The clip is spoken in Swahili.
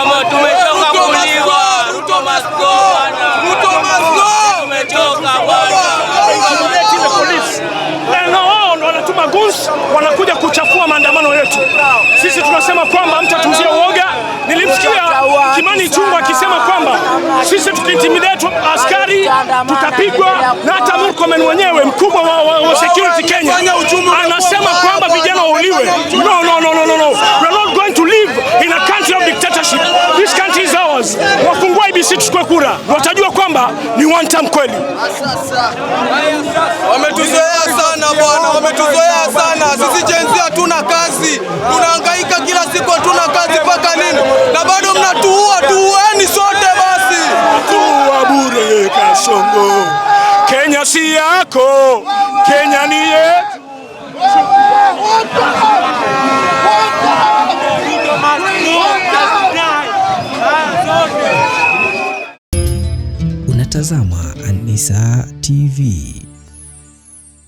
Kama tumechoka kuliwa, Ruto must go Ruto must go. Tumechoka bwana. Polisi. Eh, wao wanatuma wanakuja kuchafua maandamano yetu. Sisi tunasema kwamba mtatuzie uoga. Nilimsikia Kimani Ichung'wah akisema kwamba sisi tukiintimidate askari tutapigwa, na hata Murkomen mwenyewe mkubwa wa, wa, wa security Kenya anasema kwamba vijana wauliwe. sisi tuchukue kura, watajua kwamba ni one time kweli. Wametuzoea sana bwana, wametuzoea sana sisi. Jenzi hatuna kazi, tunahangaika kila siku, hatuna kazi mpaka nini, Na bado mnatuua, tuueni sote basi, tuua bure. Kasongo, Kenya si yako, Kenya ni yetu. unatazama Anisa TV.